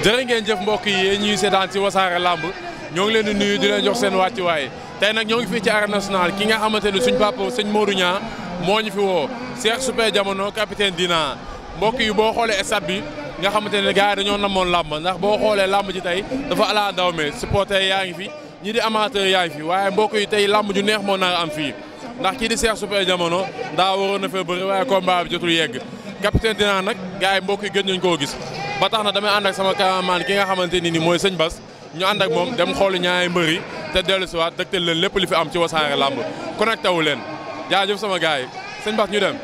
jërë ngeen jëf mbokk yi yéen ñuy seetaan ci wasaare làmb ñoo ngi leen di nuyu di leen jox seen wàcc wàccuwaay tey nag ñoo ngi fii ci arène nationale ki nga xamante ni suñ papa sëñ Modou Niang moo ñu fi woo Cheikh Super Diamono capitaine Dina mbokk yi boo xoolee stade bi nga xamante ne gars dañoo namoon làmb ndax boo xoolee làmb ji tey dafa alaa daw me supporter yaa ngi fi ñi di amateur yaa ngi fi waaye mbokk yi tey làmb ju neex moo naa am fii ndax kii di Cheikh Super Diamono waroon na fee bëri waaye combat bi jotul yegg capitaine dinaa nag gars yi mbokk yi gën nañ koo gis ba tax na damay ànd ak sama cameraman ki nga xamante ni ni mooy sëñ Bas ñu ànd ak moom dem xoolu ñaari mbër yi te dellu si waat leen lépp li fi am ci wasaare làmb connecté wu leen jaajëf sama gars yi sëñ Bas ñu dem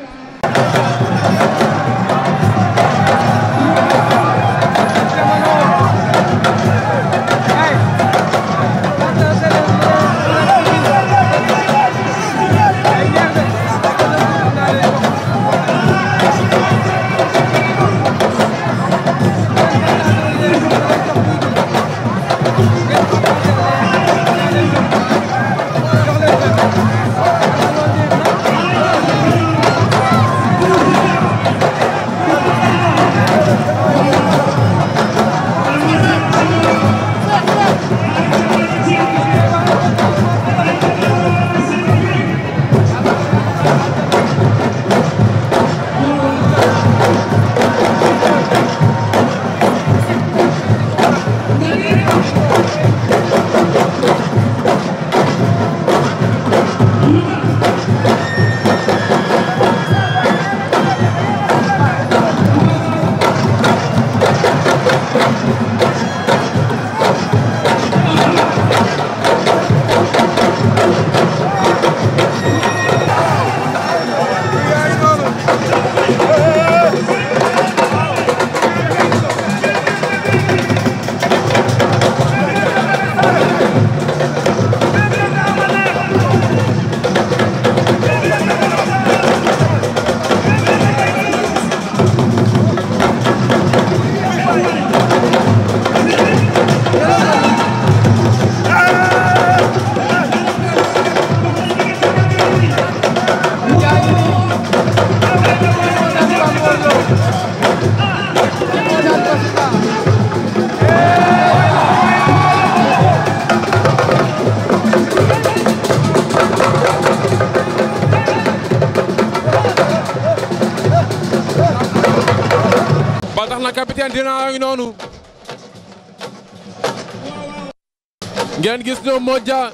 Kisno moja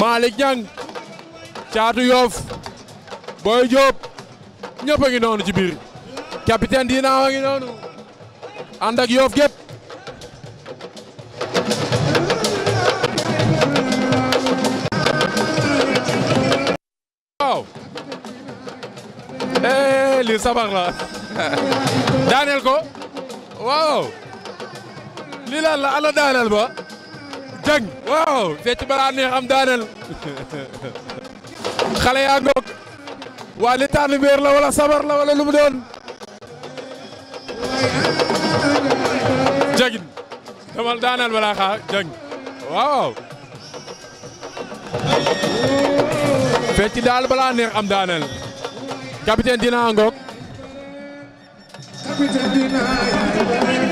Malick Niang Caatu Yoff Boy Diop ñëpp ci biir capitaine Dina a ngi noonu ànd ak eh, ko waaw li lan la ana daaneel ba jàng waaw fecc balaa neex am daaneel xale yaa ngoog waa li tànn béer la wala sabar la wala lu mu doon jagin damal daaneel balaa xaa jàng waaw fecc daal balaa neex am daaneel capitaine dina ngoog capitaine dina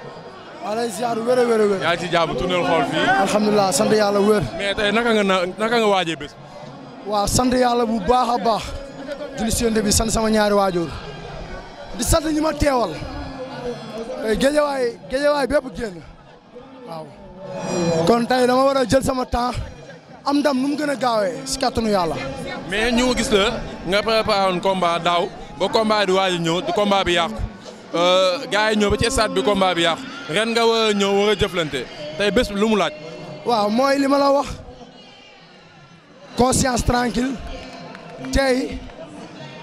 waa lay ziar wér a wér a wér. sant yàlla wér. mais tey naka nga naka nga bés. waaw sant yàlla bu baax a baax. julli bi sant sama ñaari waajur. di sant ñi ma teewal. tey eh, géejawaay géejawaay bépp génn kon tey dama war a jël sama temps. am ndam nu gën a gaawee si kàttanu yàlla. mais ñu gis la nga préparé woon combat daaw ba combat di waaj a ñëw combat bi yàqu. Euh, gars yi ñëw ba ci stade bi combat bi yàqu ren nga war a ñëw war a jëflante tey bés lu mu laaj. waaw mooy li ma la wax conscience tranquille tey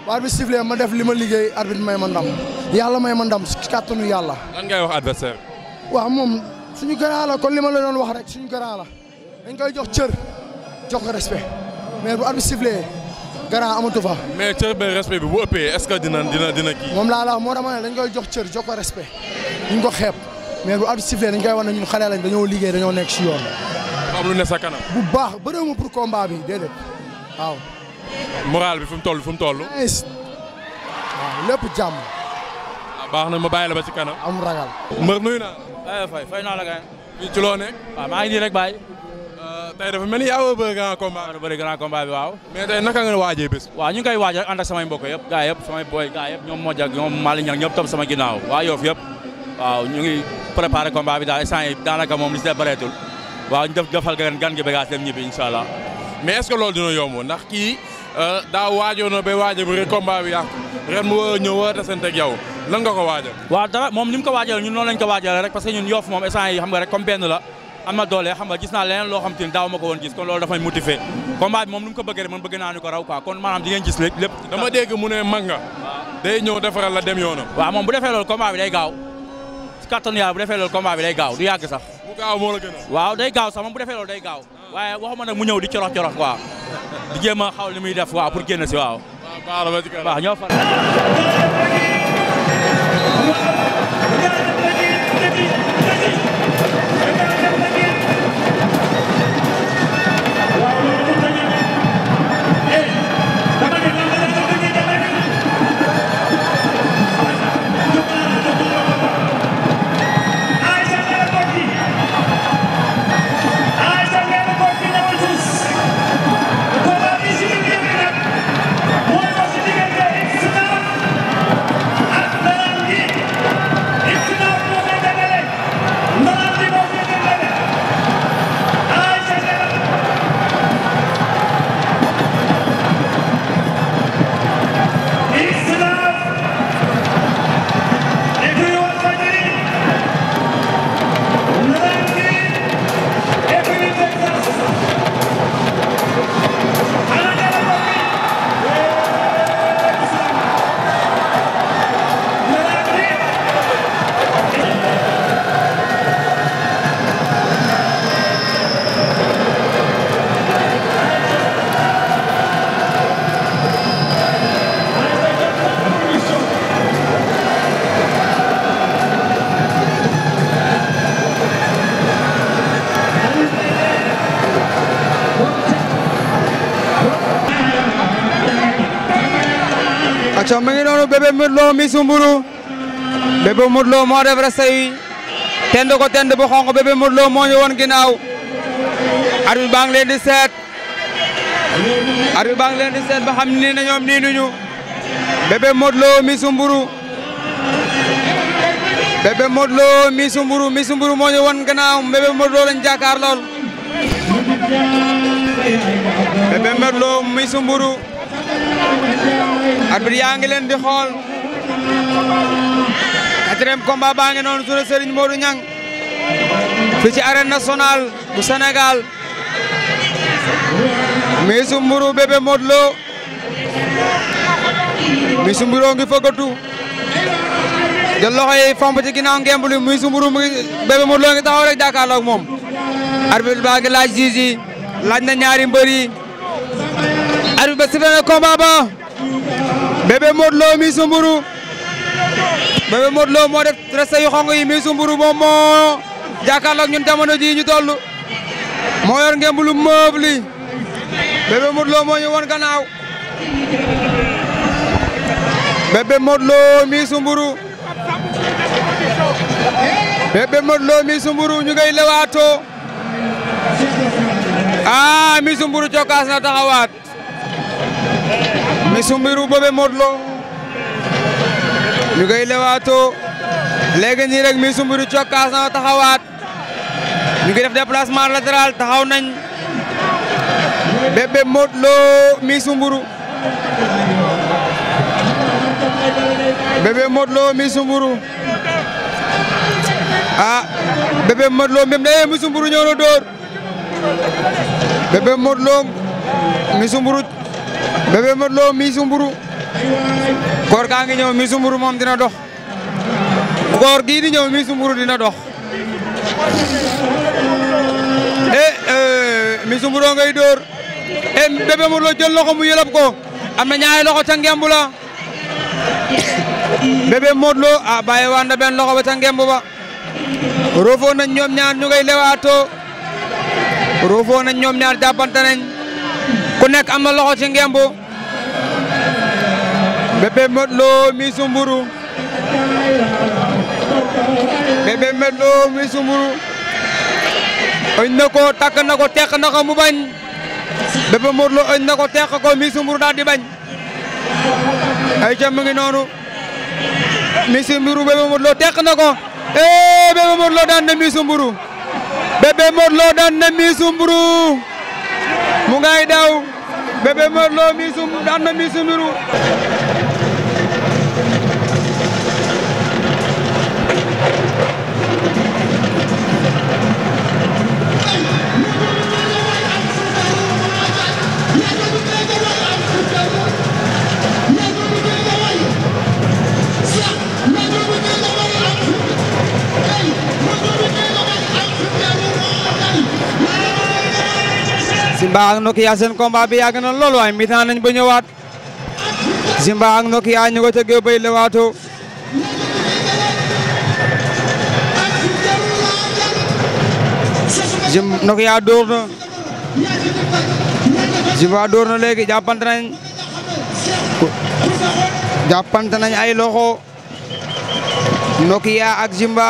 bu arbitre sifflé ma def li ma liggéey arbitre may ma ndam yàlla may ma ndam ci kàttanu yàlla. lan ngay wax adversaire. waaw moom suñu grand la kon li ma la doon wax rek suñu grand la dañ koy jox cër jox ko respect mais bu arbitre sifflé. garant amatu fa. mais cër bi respect bi bu ëppee est-ce dina dina dina kii. moom laa la moo tax ma ne dañ koy jox cër jox ko respect duñ ko xeeb mais bu at sifflé dañ koy wax ne ñun xale lañ dañoo liggéey dañoo nekk si yoon. am lu ne sa kanam. bu baax bëriwu ma pour combat bi déedéet waaw. moral bi fu mu toll fu mu toll. lépp jàmm. Ah, baax na ma bàyyi la ba ci kana am ragal. mbër nuyu naa. fay fay naa la gaay. loo maa ngi nii rek bàyyi. Euh, tey dafa mel ni yaa bëri grand combat. yaa waaw. mais tey naka nga waajee bés. waaw ñu ngi koy waaj rek ànd ak samay mbokk yëpp gaa yëpp samay boy gaa yëpp ñoom Modja ak ñoom Malick Niang ñëpp tam waa Yoff yëpp waaw ñu ngi préparé combat bi daal instant yi daanaka moom li si waaw ñu def jafal gan gi bagaas dem ñibbi incha allah. mais est ce que loolu dina kii euh, daa waajoon na ba waaj bu rek combat bi yàqu ren mu war a ñëw war a desante ko waajal. waaw la am na doole xam nga gis naa leneen loo xam te ni daaw ma ko woon gis kon loolu dafa may motiver combat bi moom nu mu ko bëggee rek man bëgg naa ni ko raw quoi kon maanaam di ngeen gis lépp dama dégg mu ne mag nga day ñëw defaral la dem yoonam waaw moom bu defee loolu combat bi day gaaw si kattanu yàlla bu defee loolu combat bi day gaaw du yàgg sax mu gaaw waaw day gaaw sax moom bu defee loolu day gaaw waaye waxuma nag mu ñëw di corox corox quoi di jéem a xaw li muy def waaw pour génn si waaw waaw ñoo far aca mu ngi noonu bébé Modou Lo mi sumburu moo def rasta yi ko tend bu xonq bébé Modou Lo moo ñu woon ginnaaw arbitre baa seet arbitre baa ngi leen di seet ba xam ni na ñoom nii nuñu bébé Modou Lo mi sumburu bébé Modou Lo mi sumburu mi sumburu moo ñu woon ginnaaw bébé jàkkaar lool bébé Modou Lo arbitre yaa ngi leen di xool quatrième combat baa ngi noonu suñu Serigne Modou Niang fi ci arène nationale bu Sénégal Miss Mbourou bébé Modou Lo Miss Mbourou ngi fëggatu jël loxo yi fomp ci ginnaaw ngemb mu ngi bébé Modou Lo ngi taxaw rek jàkkaarloo ak moom arbitre baa ngi laaj gis laaj na ñaari mbër arbitre ba sifflé na combat ba Bébé Modou Lo Miss Mbourou Bébé Modou moo def tressé yi Miss Mbourou moom moo jàkkaarloog ñun jamono ji ñu toll moo yor ngeen bulu meuble yi Bébé Modou Lo moo ñu won gannaaw Bébé Modou Lo Miss ah, na taxawaat Missoumbirou Bébé Modou Lo ñu koy lewaatoo léegi nii rek Missoumbirou cokkaas taxawaat ñu ngi def déplacement latéral taxaw nañ Bébé Modou Lo Missoumbirou Bébé Modou mi Missoumbirou ah Bébé Modou Lo mbim ne Missoumbirou ñëw na dóor Bébé Modou Lo Missoumbirou Bébé Modou Lo Miisu Mburu koor gaa ngi ñëw Miisu Mburu moom dina dox koor gii di ñëw Miisu Mburu dina dox eh, eh Miisu Mburu ngay dóor eh Bébé Modou Lo jël loxo mu yëlëb ko am na ñaari loxo ca ngemb la Bébé Modou Lo a ah, bàyyi waan na benn loxo ba ca ba roofoo nañ ñoom ñaar ñu ngay lewaatoo roofoo nañ ñoom ñaar jàppante ku nekk am na loxo ci ngemb Bébé Modou Lo mi sumburu Bébé Modou Lo mi ko takk na ko teq na ko mu bañ Bébé Modou Lo ko teq ko mi daal di bañ ay ca mu ngi noonu mi sumburu Bébé Modou Lo teq ko ee eh, Bébé Modou Lo daan na mi sumburu Bébé Modou daan na mi mu ngay daw Bébé Modou Lo mi sum daan na mi sunuru Zimba ak Nokia seen combat bi yàgg na lool waaye mitaan nañ ba ñëwaat Zimba ak Nokia ñu ko ca géew bay lewaatoo Zim Nokia dóor na Zimba dóor na léegi jàppante nañ ay loxo Nokia ak Zimba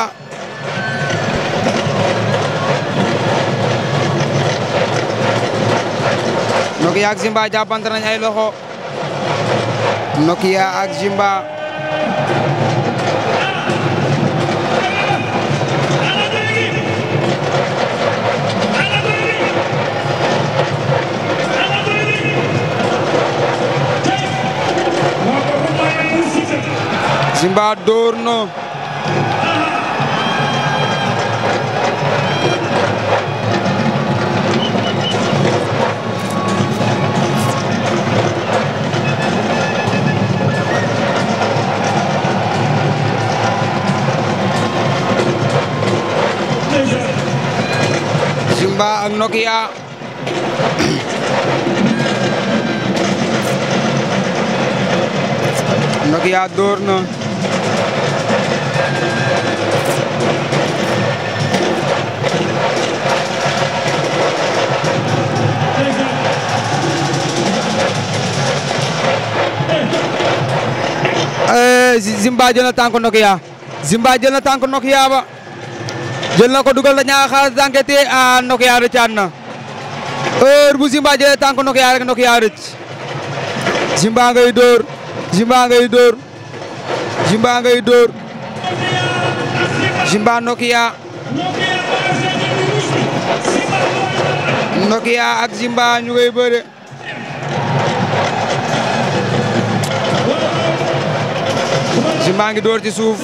Nokia ak Zimba jàppante nañ ay loxo Nokia ak Zimba Zimba dóor Simba ak Nokia Nokia door na Simba eh, jël na tànk Nokia Simba jël na tànk Nokia ba jël na ko dugal na ñaari xaar tànk te a Nokia rëcc ànd na heure bu Zimba jëlee tànk Nokia rëcc Zimba ngay dóor Zimba ngay dóor Zimba ngay dóor ak Zimba ñu ngay bëre Zimba ngi dóor ci suuf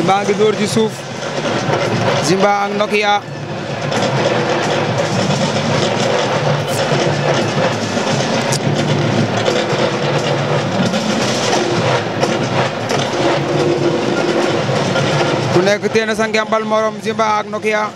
Zimba ngi dóor ci suuf Zimba ak Nokia ku nekk teena sa ngembal morom Zimba ak Nokia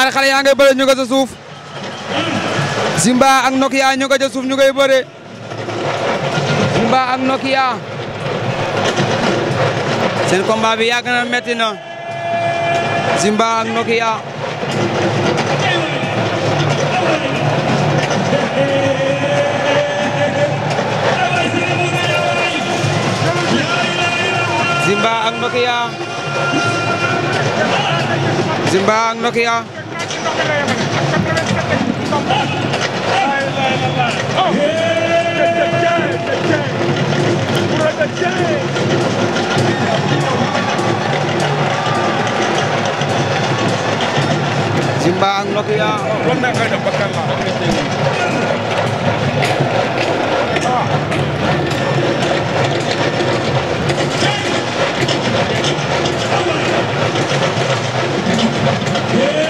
ñaari xale yaa ngay bëre ñu nga ca suuf Simba ak Nokia ñu nga ca ñu ngay bëre Simba ak Nokia seen combat bi yàgg na metti na Simba ak Nokia Simba ak Nokia wannan kai da bakkan la Yeah!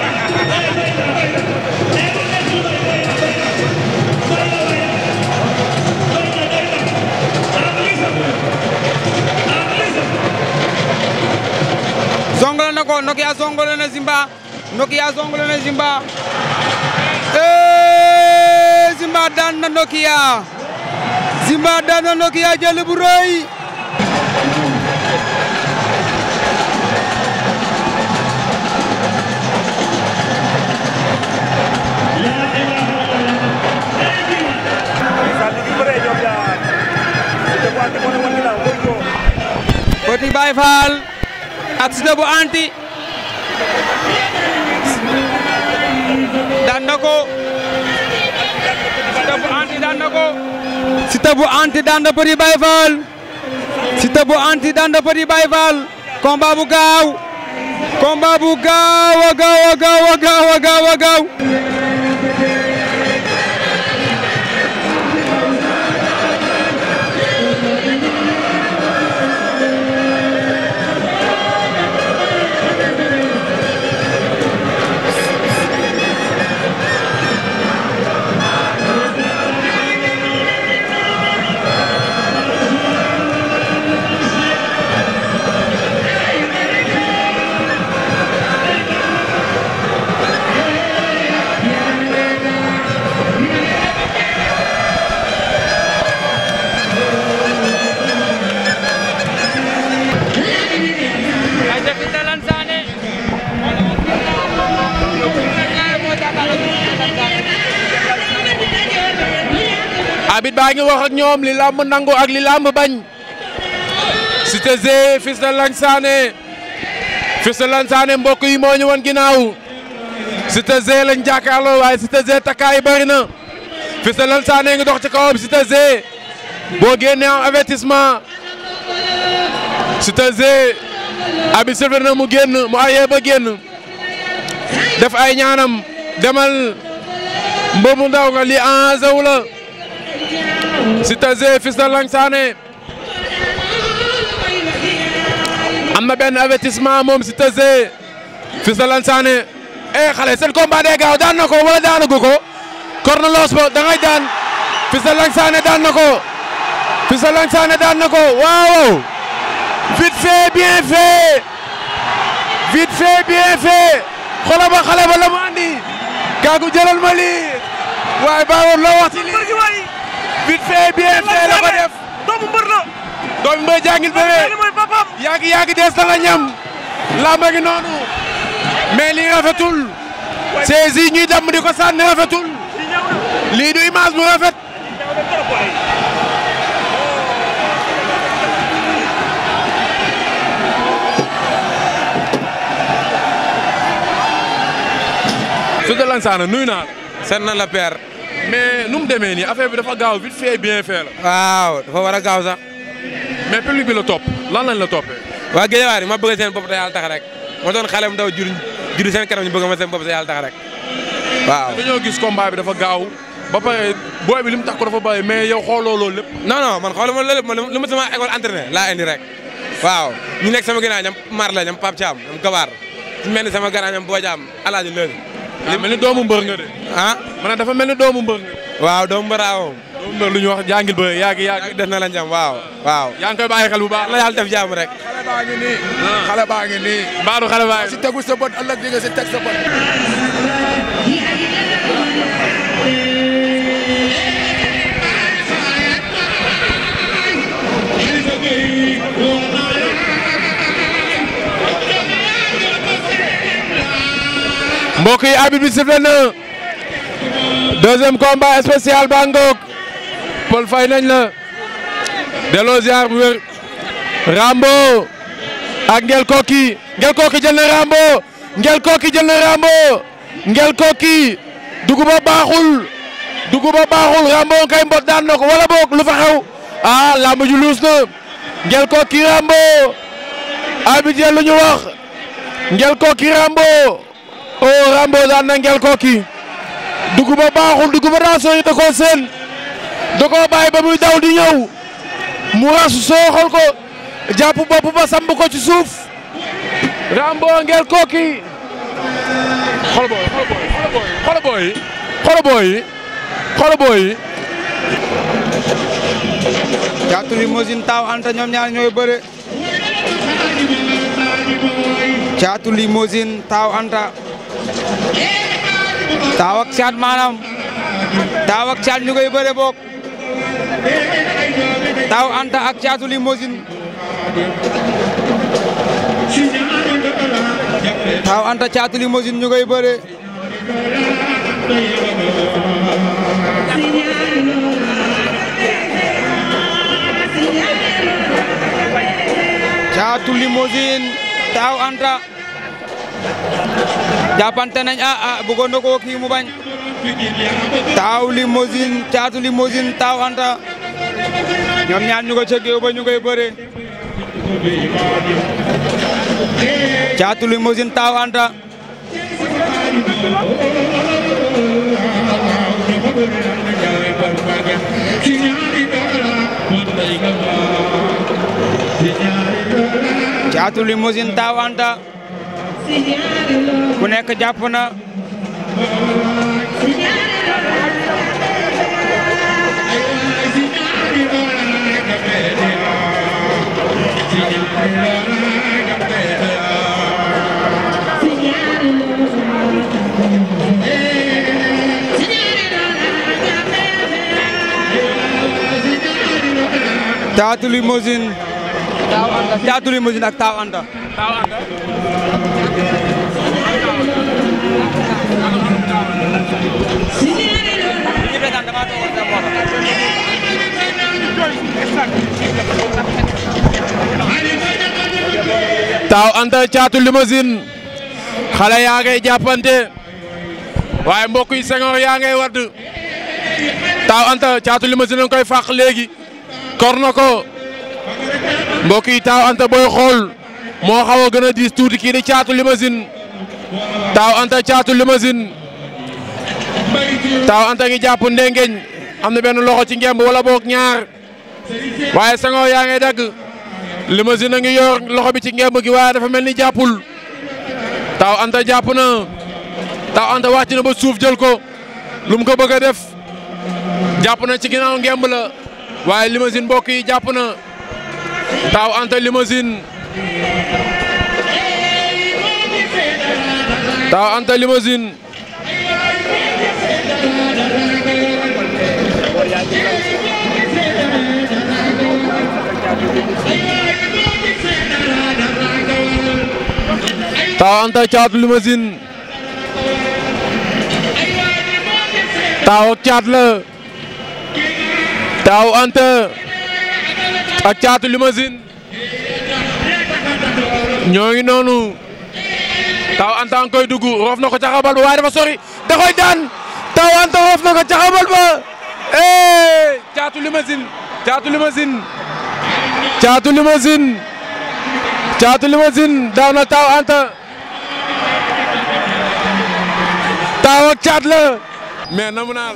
Simba Nokia zongale na Simba eh Simba daan na Nokia Simba daan jël bu rëy Petit ak Siteu bu anti na ko bu anti daan na ko Siteu bu anti daan na Petit Baye Fall Siteu bu anti daan na Petit Baye Fall combat bu gaaw combat bu gaaw a gaaw a gaaw a gaaw a gaaw a gaaw baa ngi wax ak ñoom li làmb nangu ak li làmb bañ Cité Zee fils de Lagne Sané fils de mbokk yi moo ñu woon ginnaaw Cité Zee lañ jàkkaarloo waaye Cité Zee takkaay bari na fils de Lagne Sané ngi dox ci kawam Cité Zee boo génnee am avertissement Cité Zee abi sëfër na mu génn mu ayee ba génn def ay ñaanam demal mbër ndaw nga li enjeu la Siteu Zé Fils de Langsane am na benn avertissement moom Siteu Zé Fils de Langsane eh, xale seen combat gaaw daan na ko wala daanagu ko corne loos ba da ngay daan Fils de Langsane daan na bien fait vite fait la mu andi kàggu jëlal ma lii waaye baawoon loo fait bien fait la ko def doomu mbër la doomu mbër jàngil ñam lamba noonu mais lii rafetul saisi ñuy damm di ko sànni rafetul lii du image bu rafet Soutane Lansana nuyu naa la. seen mais nu mu demee nii affaire bi dafa gaaw vite fait bien fait la. waaw dafa war a gaaw sax. mais public bi la topp lan lañ la top waa Guédiawaye ma bëgg seen bopp te yàlla tax rek ma doon xale mu daw jur jur seen kanam ñu bëgg ma seen bopp te yàlla tax rek waaw. dañoo gis combat bi dafa gaaw ba pare booy bi li mu takku dafa bëri mais yow xooloo loolu lépp. non non man xooluma loolu lépp man li ma sama école entraîné laa indi rek waaw ñu nekk sama gànnaaw ñam Mar la ñam Pape Thiam ñam Gabar ñu mel ni sama gànnaaw ñam Boy Thiam Alaaji Lëri li mel ni doomu mbër nga de. ah man dafa mel ni doomu mbër nga. waaw doomu mbër aawam. doomu lu ñu wax jàngil ba yàgg yàgg def na la njam waaw. waaw yaa ngi koy bàyyi xel bu baax la yàlla def jàmm rek. xale sa bët ëllëg di si teg mbokk yi arbitre bi sifflé na deuxième combat spécial Bangok Paul fay nañ la delloo ziar bu wér Rambo ak Ngel Koki Ngel Koki jël na Rambo Ngel Koki jël na Rambo Ngel Koki duguba baaxul duguba baaxul Rambo kay mbot daan ko wala boog lu fa ah, Ngel Koki Rambo arbitre lu ñu wax Ngel Koki Rambo oh Rambo daan na ngel kooki dugub baaxul dugub ba raasoo yi da seen da koo ba muy daw di ñëw mu rasu sooxal ko jàpp bopp ba samb ci suuf Rambo ngel kooki xolo booy xolo booy taaw anta ñoom ñaar ñooy bëre taaw ak caat maanaam taaw caat ñu koy bëre boog taaw anta ak caatu limousine taaw anta caatu limousine ñu anta jàppante nañ ah ah bëggoon na koo kii mu bañ taaw limousine caatu limousine taaw anta ñoom ñaar ñu ko ca géew ba caatu limousine taaw anta ku nekk jàpp na Caatu Limousine taaw Anta caatu limousine xale yaa ngay jàppante waaye mbokk yi Senghor yaa ngay wadd taaw Anta caatu limousine nga koy fàq léegi kor na ko mbokk yi taaw Anta booy xool moo xaw a gën a diis tuuti kii di caatu limousine taaw anta caatu limousine taaw anta ngi jàpp ndengeñ am na benn loxo ci ngemb wala boog ñaar waaye sango yaa ngay dagg limousine a ngi yor loxo bi ci ngemb gi waaye dafa mel ni jàppul taaw anta jàpp na taaw anta wàcc na ba suuf jël ko lum mu ko bëgg a def jàpp na ci ginaaw ngemb la waaye limousine mbokk yi jàpp na taaw anta limousine Taw Anta Limousine Taw Anta Caatu Limousine Taw ak caat la Taw Anta ak Caatu Limousine ñoo ngi noonu taw anta nga koy dugg roof na ko ca xabal ba waaye dafa sori da koy daan taw anta roof na ko ca xabal ba eh, caatu limousine caatu limousine caatu limousine daaw na taw anta taaw caat la. mais namu naa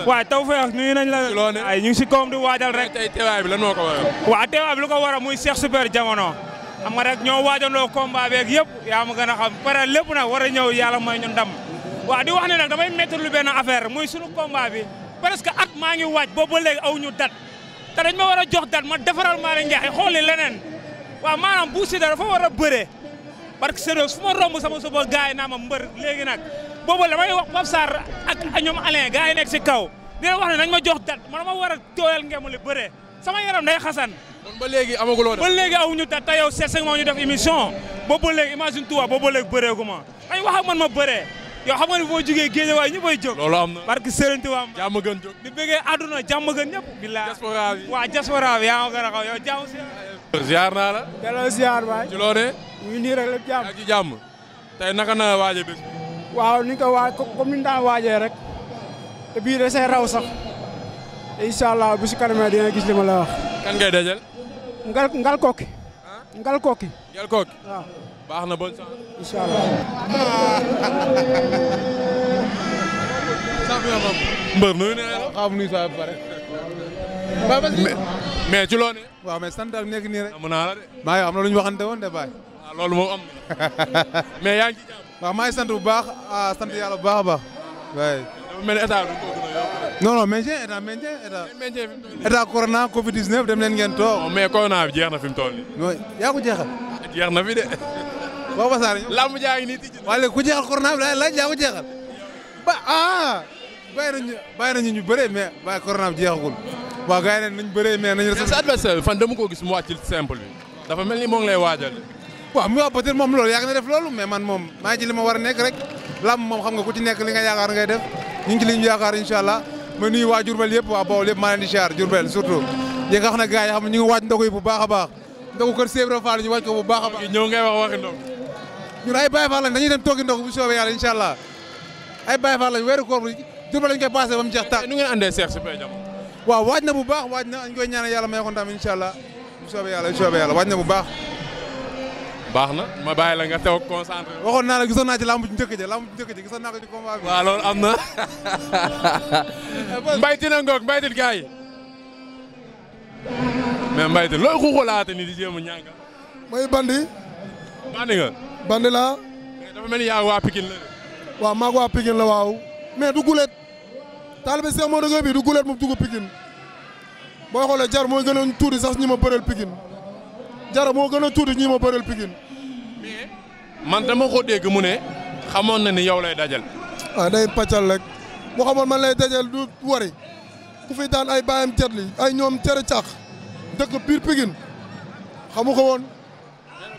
nuyu nañ la. ay ñu ngi si koom di waajal rek. tey teewaay bi ko waral. muy Cheikh Super Jamono. xam nga rek ñoo waajandoo combat beeg yëpp yaa ma a xam pare lépp nag war a ñëw yàlla mooy ñu ndam waaw di wax ne nag damay métti lu benn affaire muy sunu combat bi presque at maa ngi waaj boobu ba aw ñu dat te dañ ma war a jox dat ma defaral maa leen njaaxi xooli leneen waaw maanaam Bou Siteu dafa war a bëree parce se sérieux fu ma romb sama suba gars yi naa ma mbër léegi nag boobu damay wax Pape saar ak ñoom Alain gars yi nekk si kaw dina wax ne nañ ma jox dat man ma war a tooyal ngemu li bëree sama yaram day xasan kon ba léegi amaguloo ba léegi amuñu ta ta yow seet sax moo ñu def émission boobu ba léegi imagine toi boobu ba léegi bëree gu ma ay wax ak man ma bëree yow xam nga ni bu ma jógee géej waaye ñëpp ay jóg loolu am na barke Serigne Touba am jàmm gën waa diaspora bi yaa ma gën a xaw yow jàmm naa la delloo ziar waay ci loo ne ñu nii rek lépp ni nga ko waaj comme ni ñu daan waajee rek te bii da say raw sax incha bu si kanamee gis li ma la ngal ngal kooki. ngal kooki. ngal kooki waaw. baax na bonne chance. incha allah. mbër nuyu naa la. xam nuyu saa ba pare. mais ci loonee. waaw mais sant ak nekk nii rek. naa la am na lu ñu waxante woon de baay. waaw ah, loolu moom am mais yaa sant bu baax ah, sant yàlla bu baax a baax. waaye. non non maintien état maintien état. état corona Covid 19 dem leen ngeen toog. mais corona bi jeex na fi mu toll nii. yaa ko jeexal. jeex na fi de. waaw wasaare ñu. làmb jaa ngi nii ku jeexal corona bi laaj yaa ko jeexal. ba ah bàyyi ñu bëree mais waaye corona bi jeexagul. waaw fan dama ko gis mu wàcc simple bi. dafa mel ni moo ngi lay waajal. waaw mu peut être moom loolu yàgg na def loolu mais man moom maa ngi ma war a nekk rek làmb moom xam nga ku ci nekk li nga yaakaar ngay def ñu ngi ci li yaakaar incha ma nuyu waa Diourbel yëpp waa Bawol yëpp maa leen di siyaar Diourbel surtout xam ne gars yi xam ñu ngi waaj ndogu yi bu baax a baax ndogu kër Sèye Ibra Fall waaj ko bu baax a baax. ñëw ngay wax waxi ndogu. ñun ay Baye Fall lañ dañuy dem toogi ndogu bu soobee yàlla incha allah ay Baye Fall lañ weeru koor bi Diourbel lañ koy passé ba waaw waaj na bu baax waaj na ñu koy ñaanal yàlla may ko ndam incha allah bu soobee yàlla bu soobee yàlla waaj na bu baax baax na ma bàyyi la nga teew concentré. waxoon naa la gisoon naa ci lamb ju njëkk ja lamb ju njëkk ja gisoon am na. mbaytin a ngoog mbaytin gars yi. mais mbaytin looy xuxulaate ni di jéem a ñànga. mooy bandi. bandi nga. bandi laa. dafa mel ni yaa waa Pikine la. waaw maa waa Pikine la waaw. mais du gulet. taalibe Seex Maodo Gueye bi du gulet mu dugg Pikine. boo xoolee jar mooy gën a tuuti sax ñi ma bëreel Pikine. jar moo gën a tuuti ñi ma bëreel Pikine. mais man dama ko dégg mu ne xamoon na ni yow lay dajal. waaw ah, day pàccal rek bu xamoon man lay dajal du wari ku fi daan ay bàyyam cet li ay ñoom cere càq dëkk biir Pikine xamu ko woon.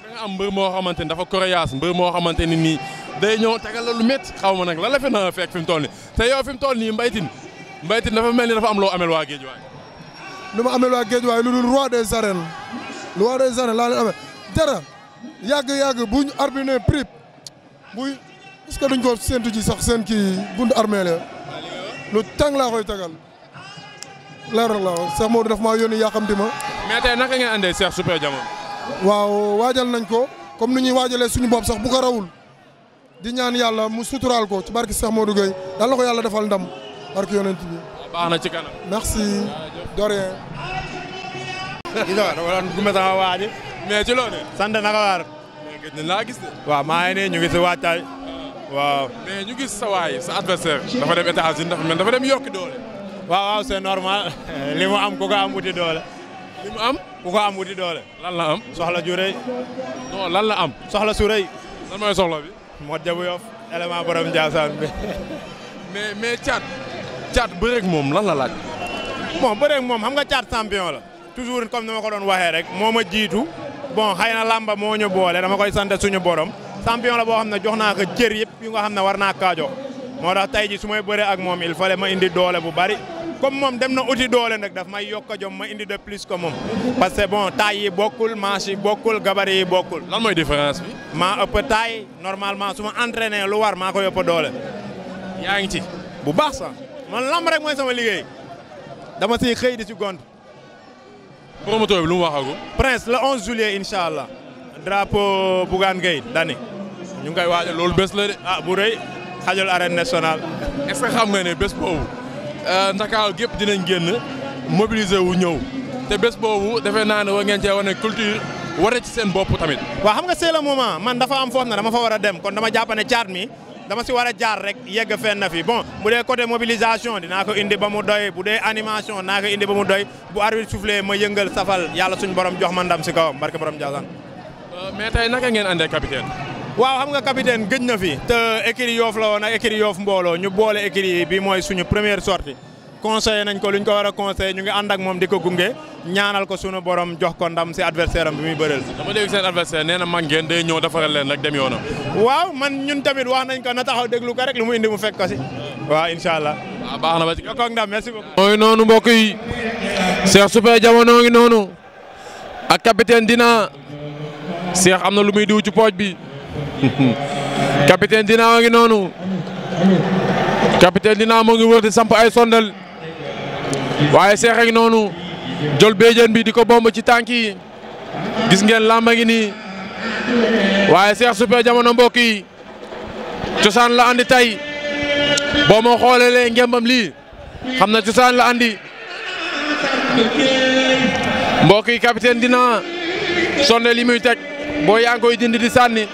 da nga am mbër moo xamante ni dafa coriace mbër moo xamante ni nii day ñëw tegal la lu métti xaw ma nag lan la fi na fekk fi mu toll nii te yow fi mu toll nii mbaytin mbaytin dafa mel ni dafa am loo amel waa géej waay. lu ma amel waa géej waay lu dul roi des arènes roi des arènes laa leen amee yàgg-yàgg buñ arbi ne prip buy est duñ ko séntu ji sax seen kii bund armée la lu tàng laa koy tagal leeral la Cheikh Modou ma maa yónni yàqamti ma. mais tey naka ngeen andee Cheikh Super Diamano. waaw waajal nañ ko comme ni ñuy waajalee suñu bopp sax bu ko rawul di ñaan yàlla mu suturaal ko ci barki Cheikh Modou Gueye daal la ko yàlla defal ndam barki yonent bi. baax na ci kanam. merci. de rien. gis mais ci loolu. sant naka waar. mais laa gis waaw maa ngi ñu ngi si waajtaay. waaw ñu gis sa waay sa adversaire dafa dem États-Unis dafa mel dafa dem yokki doole. waa waaw c'est normal li mu am ku ko am wuti doole. li mu am ku ko am wuti doole. lan la am soxla ju rëy. lan la am. soxla su rëy. bi. moo jabu yof élément borom Ndiassane bi. mais mais Thiat. Thiat bëreeg moom lan la laaj. moo bëreeg moom xam nga cat champion la. toujours comme ni ma ko doon waxee rek moo ma jiitu. bon xëy na làmba moo ñu boole dama koy sant suñu borom champion boo xam ne jox naa ko cër yëpp yu nga xam ne war naa kaa jox moo tax tey ji su may ak moom il fallait ma indi doole bu bari comme moom dem na uti doole nag daf may yokk a jom ma indi de plus ko moom parce que bon taille yi bokkul manche yi bokkul gabarit yi bokkul. lan mooy différence bi. maa ëpp taille normalement su ma entraîné lu war maa ko yëpp doole. yaa ngi ci bu baax sax man lamb rek mooy sama liggéey dama siy xëy di si gont. promoteur bi lu mu waxagum. prince le 11 juillet incha allah drapeau Bougane Gueye Dany ñu ngi koy waajal loolu bés la de. ah bu rëy xajal arène nationale. est ce que xam nga ne bés boobu euh, Ndakaaru gépp dinañ génn mobiliser wu ñëw te bés boobu defe naa ne war ngeen cee wane culture wara ci seen bopp tamit. waaw xam nga c'est le man dafa am foofu na dama fa war a dem kon dama jàpp ne caat mi. dama si war a jaar rek yegg fenn na fi bon bu dee côté mobilisation dinaa ko indi ba mu doy bu dee animation naa ko indi ba mu doy bu arbitre soufflé ma yëngal safal yàlla suñu borom jox ma ndam si kawam barke borom Ndiassane. Euh, mais tey naka ngeen andee capitaine. waaw xam nga capitaine gëj na fi. te écurie Yoff la woon ak écurie mbooloo ñu boole écurie bi mooy suñu première sortie conseillé nañ ko lu ñu ko war a conseillé ñu ngi ànd ak moom di ko gunge ñaanal ko sunu borom jox ko ndam si adversaire am bi muy bëreel. dama dégg seen adversaire nee na mag ngeen day ñëw defaral leen rek dem yoonam. waaw man ñun tamit wax nañ ko na taxaw déglu ko rek lu mu indi mu fekk ko si. waaw incha allah. Ah, ci yokkoog merci beaucoup. mooy noonu mbokk yi. ngi noonu. ak capitaine Dina. Cheikh am na lu muy diw pooj bi. capitaine Dina ngi noonu. capitaine Dina moo ngi wër samp ay sondal. waaye seex noonu jël béjjén bi di ko bomb ci tànk yi gis ngeen làmba ngi nii waaye seex super jamono mbokk yi cosaan la àndi tey boo ma xoolee lee ngembam lii xam na cosaan la àndi mbokk yi capitaine dina sonne li muy teg boo yaa ngi koy dindi di sànni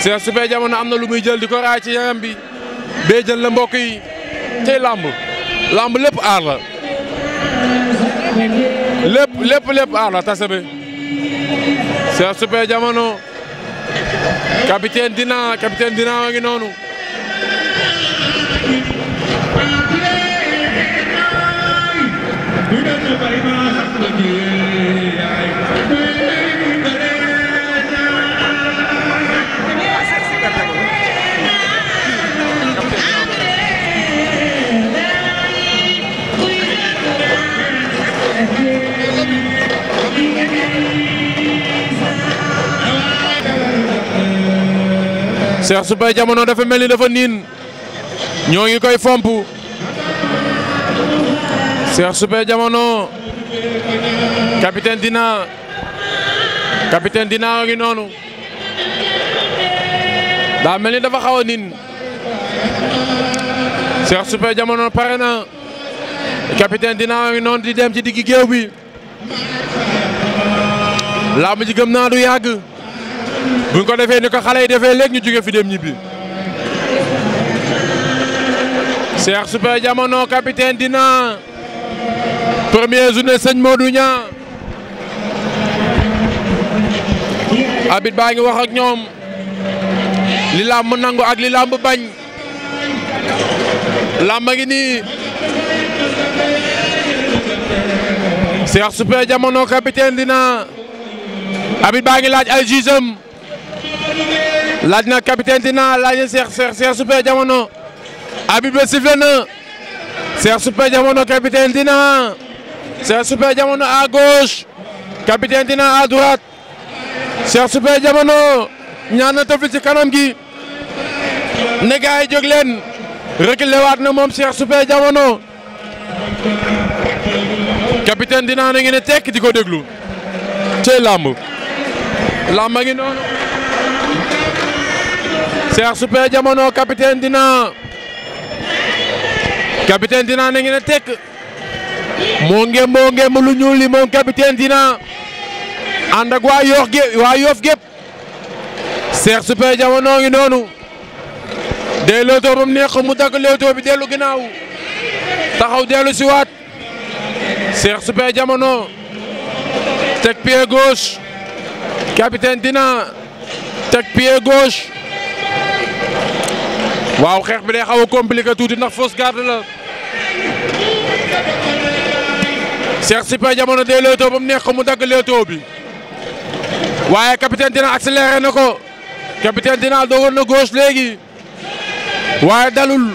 seex super jamono am na lu muy jël di ko raay ci yaram bi béjjén la mbokk yi tey làmb làmb lépp aar la. lépp lépp lépp ala tase bi Cheikh Super Diamono capitaine dina capitaine dina wa ngi noonu Cheikh Super Diamono dafa mel ni dafa niin ñoo ngi koy fomp Cheikh Super Diamono capitaine Dina capitaine Dina a ngi noonu daa mel ni dafa xaw a niin Cheikh Super Diamono pare na capitaine Dina a ngi noonu di dem ci diggi géew bi laa mu gëm naa du yàgg. buñ ko defee ni ko xale yi defee léegi ñu jóge fi dem ñibbi. Cheikh Super Diamono capitaine dina première journée sëñ Modou Niang abit baa ngi wax ak ñoom li làmb nangu ak li làmb bañ làmb ngi nii Cheikh Super Diamono capitaine dina abit baa ngi laaj ay jugeem laaj na capitaine dina laaj na Cheikh Cheikh Cheikh Super Diamono Habib bi sifflé na Cheikh Super Diamono capitaine Tina Cheikh Super Diamono à gauche capitaine Tina à droite Cheikh Super Diamono ñaan na ci kanam gi ne gars yi jóg leen waat na moom Cheikh Super Diamono capitaine Tina na ngi ne tekk di ko déglu cey làmb làmb a ngi noonu Cheikh Super Diamono capitaine Dina capitaine Dina na ngi ne tekk moo ngem moo ngem lu ñuul li moom capitaine Dina ànd ak waa yoof gépp waa yoof gépp ngi noonu day leetoo ba mu neex mu dagg leetoo bi dellu ginnaaw taxaw dellu si waat Cheikh Super Diamono teg pied gauche capitaine Dina teg pied gauche waaw xeex bi day xaw a compliqué tuuti ndax fausse garde la Cheikh Super Diamono day leetoo mu neex ko mu dagg leetoo bi waaye capitaine dina accéléré na ko capitaine dina dogoon na gauche léegi waaye dalul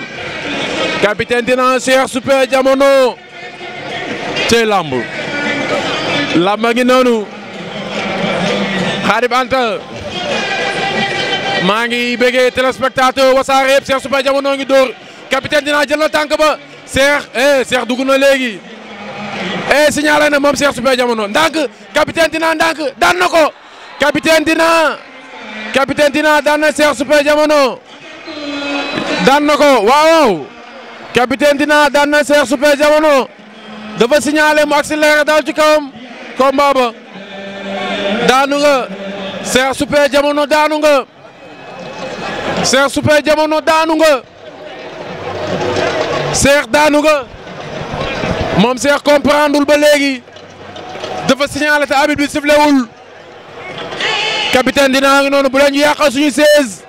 capitaine dina Cheikh Super Diamono cey làmb làmb ngi noonu xaarib anta maa ngi bëggee téléspectateur wasaare yëpp Cheikh Super Diamono ngi dóor capitaine dinaa jël na tànk ba Cheikh eh Cheikh dugg na léegi eh signalé na moom Cheikh Super Diamono ndànk capitaine dinaa ndànk daan na ko capitaine dina capitaine dina daan na Cheikh Super Diamono daan na dinaa daan na Cheikh Super Diamono dafa signalé mu accéléré daal ci kawam combat ba daanu nga Cheikh Super Diamono daanu nga. Cheikh Super Diamono daanu nga Cheikh daanu nga moom Cheikh comprendreul ba léegi dafa signalé te arbitre bi siflewul capitaine dinaa ngi noonu bu leen ñu yàqal suñu 16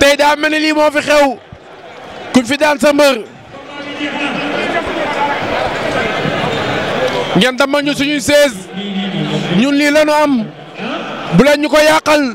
tey daa mel ni lii moo fi xew kuñ fi daan sa mbër ngeen dama suñu 16 ñun lii am bu ko yàqal.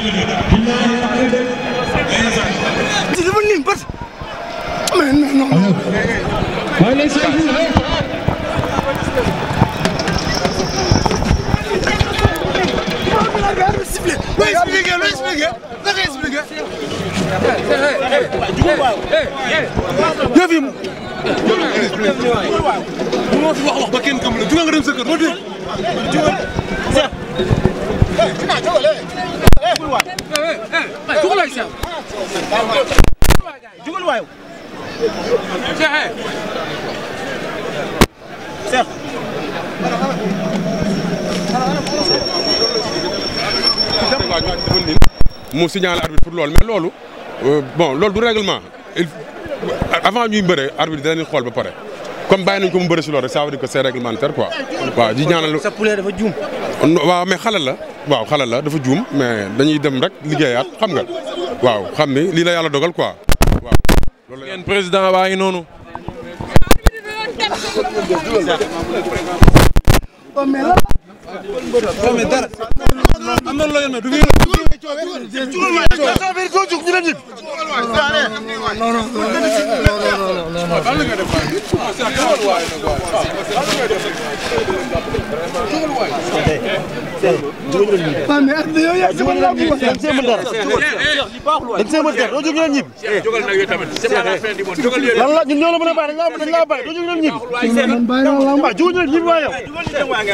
Mais non, non, non. Ouais, laissez jëf yi mu. mënoo fi wax wax ba kenn kam la jugal nga dem sa kër boo dégg. jugal Seex. jugal waay Seex. jugal waay. mu signalé arbitre pour loolu mais loolu euh, bon loolu du règlement il avant ñuy bëre arbitre dinañu xool ba pare comme bàyyi nañ ko mu bëre si loolu rek ça veut dire que c'est réglementaire quoi. waaw di ñaanal sa poulet dafa juum. waaw mais xale la waaw xale la dafa juum mais dañuy dem rek liggéeyaat xam nga waaw xam ni lii la yàlla dogal quoi. loolu ngeen président baa ngi noonu. Oh, mais am na loo yónnee du ngeen. lan la ñun ñoo la mën a bàyyi dañ laa bàyyi doo jóg leen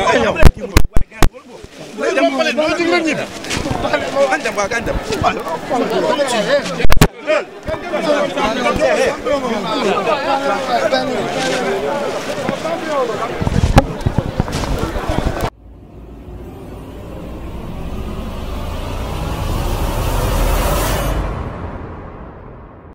ñibbi. dem pale doo jig ñibbi kan dem waa kan dem Hey, hey.